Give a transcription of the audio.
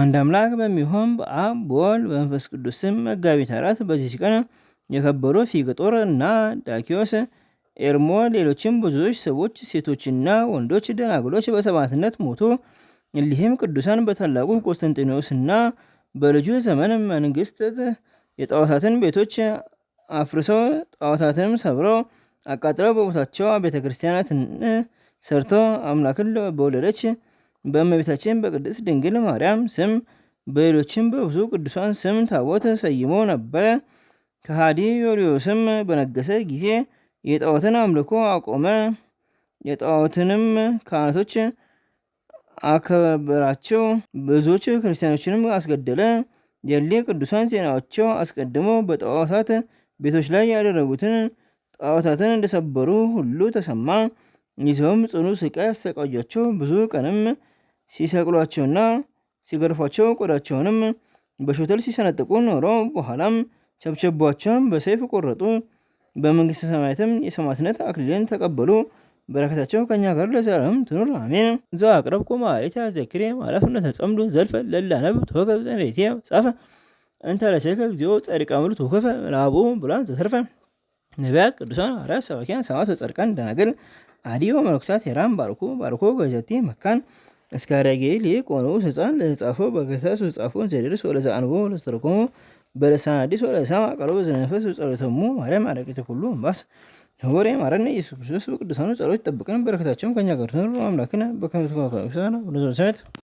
አንድ አምላክ በሚሆን በአብ በወልድ በመንፈስ ቅዱስ ስም መጋቢት አራት በዚች ቀን የከበሩ ፊቅጦር እና ዳኪዎስ ኤርሞ፣ ሌሎችም ብዙዎች ሰዎች ሴቶችና ወንዶች ደናግሎች በሰማዕትነት ሞቱ። እሊህም ቅዱሳን በታላቁ ቆስጠንጢኖስ እና በልጁ ዘመን መንግስት የጣዖታትን ቤቶች አፍርሰው ጣዖታትንም ሰብረው አቃጥለው በቦታቸው ቤተ ክርስቲያናትን ሰርተው አምላክን በወለደች በእመቤታችን በቅድስት ድንግል ማርያም ስም በሌሎችም በብዙ ቅዱሳን ስም ታቦት ሰይሞ ነበረ። ከሃዲ ዮርዮስም በነገሰ ጊዜ የጣዖትን አምልኮ አቆመ። የጣዖትንም ካህናቶች አከበራቸው፣ ብዙዎች ክርስቲያኖችንም አስገደለ። የሌ ቅዱሳን ዜናዎቸው አስቀድሞ በጣዖታት ቤቶች ላይ ያደረጉትን ጣዖታትን እንደሰበሩ ሁሉ ተሰማ። ይዘውም ጽኑ ስቃይ አሰቃያቸው። ብዙ ቀንም ሲሰቅሏቸውና ሲገርፏቸው ቆዳቸውንም በሾተል ሲሰነጥቁ ኖሮ በኋላም ቸብቸቧቸውን በሰይፍ ቆረጡ። በመንግስተ ሰማያትም የሰማዕትነት አክሊልን ተቀበሉ። በረከታቸው ከኛ ጋር ለዘላለም ትኑር አሜን። እዛ አቅረብኩ ማዕሌተ ዘክሬ ማለፍነት ተጸምዱ ዘልፈ ለላነብ ተወከብ ዘንሬቴ ጻፈ እንተ ለሴከ እግዚኦ ጸሪቃ ምሉ ተወከፈ ላቡ ብላን ዘተርፈ ነቢያት፣ ቅዱሳን ሐዋርያት፣ ሰባኪያን ሰማዕታት፣ ወጻድቃን፣ ደናግል፣ አዲዮ መነኮሳት፣ ሄራን ባርኩ ባርኮ ገዘቲ መካን እስካሪያጌ ሊቅ ወንዑስ ሕፃን ለተጻፎ በገታስ ተጻፎ ዘደርስ ወለዛ አንቦ ለተተረጎሞ በልሳን አዲስ ወለሰማ ቀሎ በዝነፈስ ጸሎተሙ ማርያም አረቂተ ኩሉ እምባስ ህወሬ ማረነ ኢየሱስ ክርስቶስ በቅዱሳኑ ጸሎት ይጠብቀን፣ በረከታቸውም ከኛ ጋር ትኑር። አምላክነ በከመ ትከውን